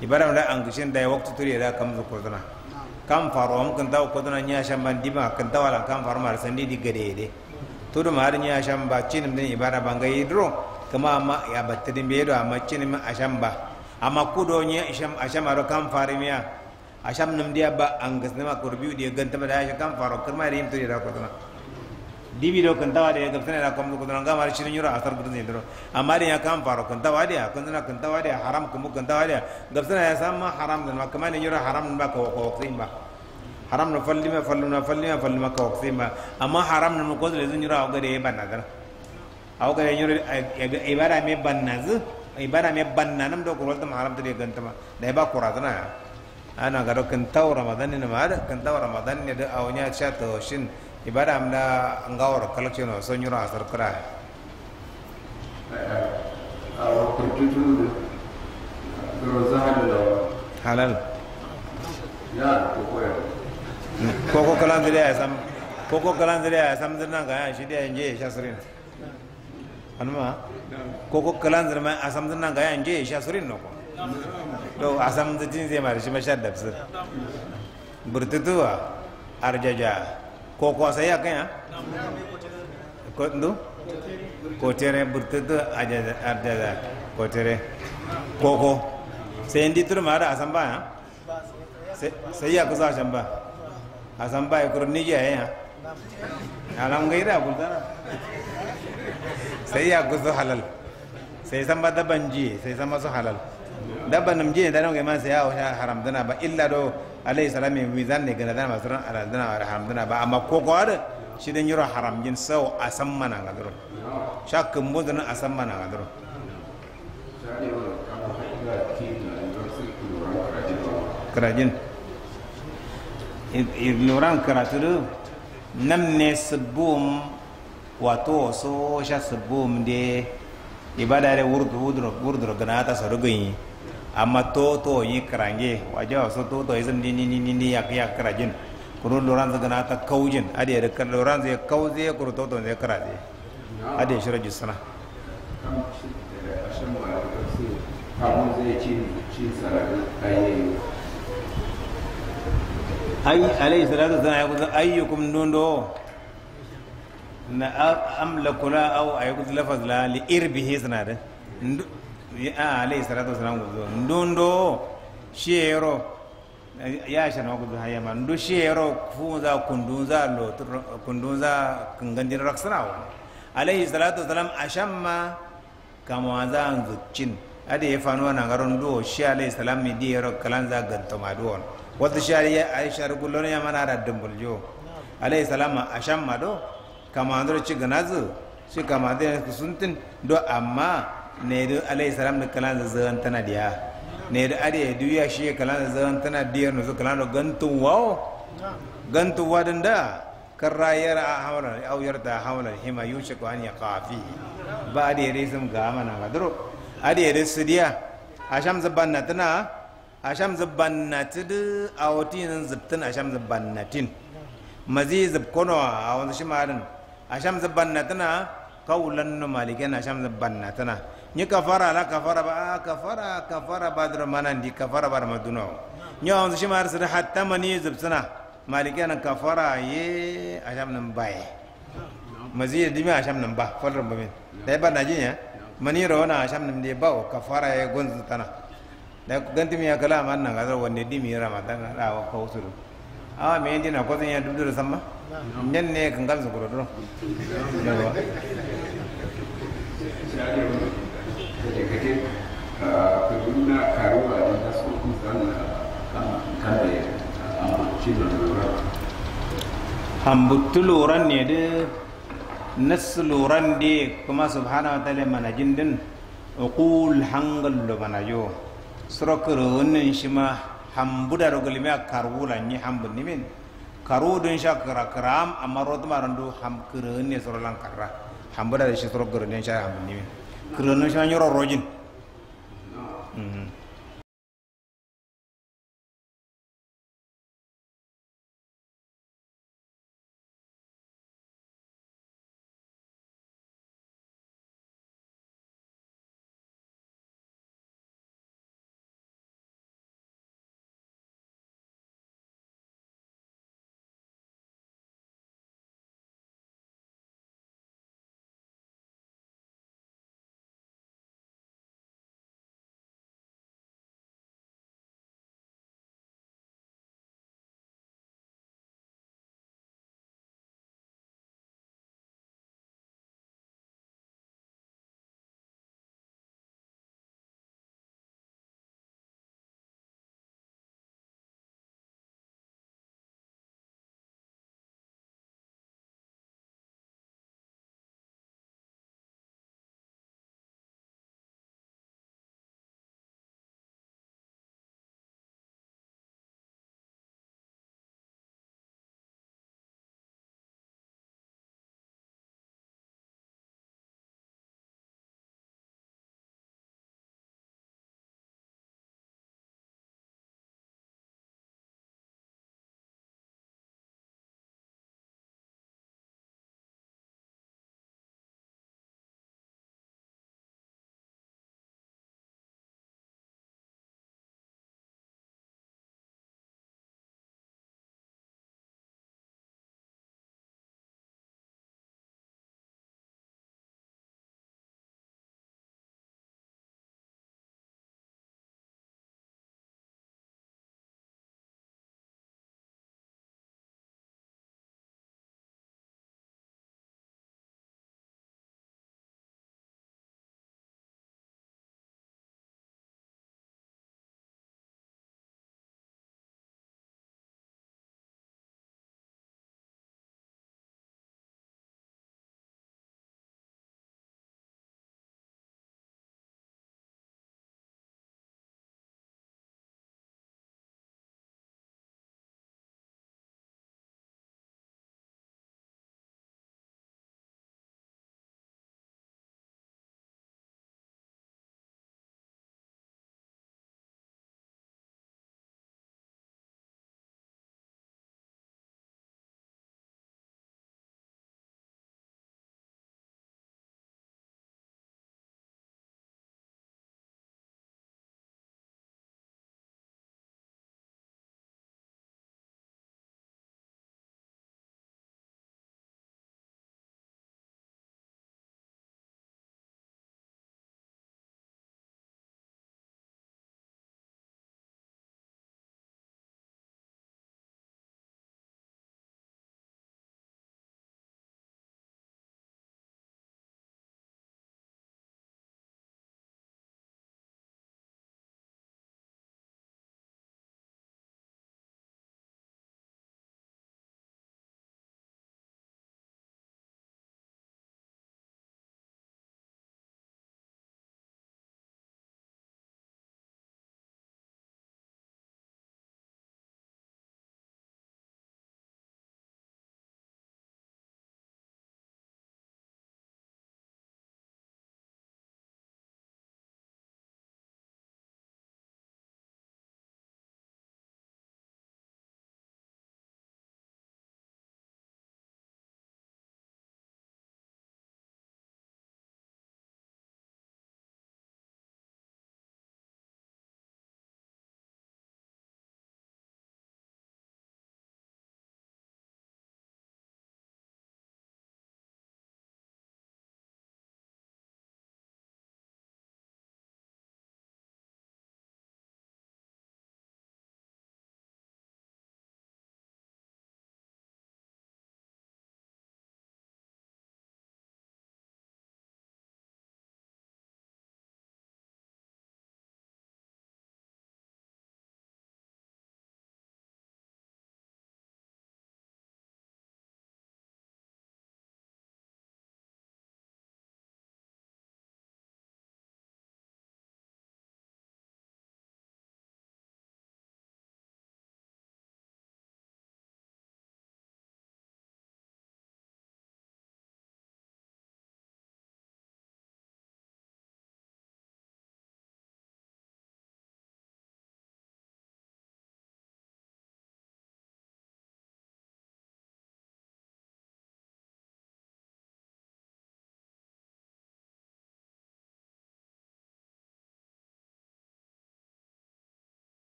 ibaramda angishinda waktu turi da kam zu kurduna kam faru am kan taw kurduna nya shamban diba kan tawala kam faru mar sandi di gade de tudu mar nya shamba cinim den ibara banga yidro kama ma ya battidin be do amma cinim ashamba amma kudo nya isham ashamaro kam miya asham num dia ba angas nama kurbiu dia gantama da kam faru kirma rim turi da kurduna dibiro kan tawari ga tana da kam ko dan ga mari shirin yura asar gudun yidro amari ya kam faro kan tawari a kan na kan tawari haram kuma kan tawari ga tana ya sama haram dan kuma ne yura haram ba ka ko ko ba haram na falli ma fallu na falli ma fallu ma ka ko ba amma haram na ko da zan yura ga da ban nazar aw ga yura ibara me ban nazar ibara me ban nanam do ko tam haram tare gantama da ba ko razana ana ga kan taw ramadan ne ma da kan taw ramadan ne da awnya cha to shin ibada amda ngawar collection of sonyura asar kura eh, halal ya koko kalan zire ya sam koko kalan de ya sam zirna ga yan eh, shi da yan je shasirin hanuma koko kalan zire ma asam zirna ga eh, yan je shasirin no ko to asam zirna zai ma shi mashar da fsir burtutuwa ah, arjaja kaya kotere kotere koko sai ndi mara asamba ya sai kusa asamba asamba ya alam gaira kusa halal banji sai samba halal dabba nam jine dana ngi man se yawo haram dana ba illa do alayhi salam wi zan ne gana dana ma suran ala dana wa haram dana ba amma ko ada shi den yoro haram jin saw asam mana ga duro shak mun dana asam mana ga duro karajin ignoran karatu do nam ne wa wato so sha subum de ibadare wurdu wurdu wurdro gana ta sarugun amma to to yi karange waje wasu to to izin ni ni ni ni ya ya karajin kuru loran gana ta kaujin ade da kan loran zai kauze kuru to to zai karaje ade raji jisana ai alayhi salatu wasallam ya kuzo ayyukum dundo na amlakuna au ayyukum lafaz la li irbihi da. Ah, alayhi salatu wasalam gudu ndundo shiero yasha na gudu ma ndu shiero kufunza kundunza lo kundunza kungandira raksana wa alayhi salatu wasalam ashamma kamwanza nzuchin ade yefano na ngaron do shi alayhi salam mi diero kalanza gantoma duon wata shari ya aisha rugulon ya mana da jo alayhi salam ashamma do kamandro chiganazu shi kamandro kusuntin do amma ne needu alayhi salam da kalan zazaran tana diya needu adiya duya shi kalan zazaran tana diya no so kalan gantun wao gantun wadan da rayar yara hawla aw yarda hawla hima ko an kafi ba ya resum ga mana ba duro a sham asham na tana asham zabanna tudu sham zubtin na tin mazi zabkono a wanzu sham asham na tana kawulan na sham asham na tana Ni kafara la kafara ba ah, kafara kafara ba mana manandi kafara ba bar maduna ñi on shi mar sada hatta mani zubsana malike nan kafara ye asham nan baye mazi dimi asham nan ba falran ba min dai ba na jinya mani a asham nan de ba kafara ye gonzu tana da gantimi ya kala man nan gazar wanne dimi ramadan da wa kawsul awa me dina ko zan ya dubdur samma nan ne kan gamsu kuro duro negative uh, kuduna karuwa da ta so kun san kare cizon lura hambuttu luran ne da nasu luran de kuma subhanahu wa ta'ala manajin din uqul hangal lo manajo surokoro wannan shi ma hambuda rogolmi a karwula ni hambun nimin karu don sha kara karam amma rodmaran do ham kare ne sorolan karra hambuda da shi surokoro don sha hambun nimin kerana saya nyuruh rojin. Mm -hmm.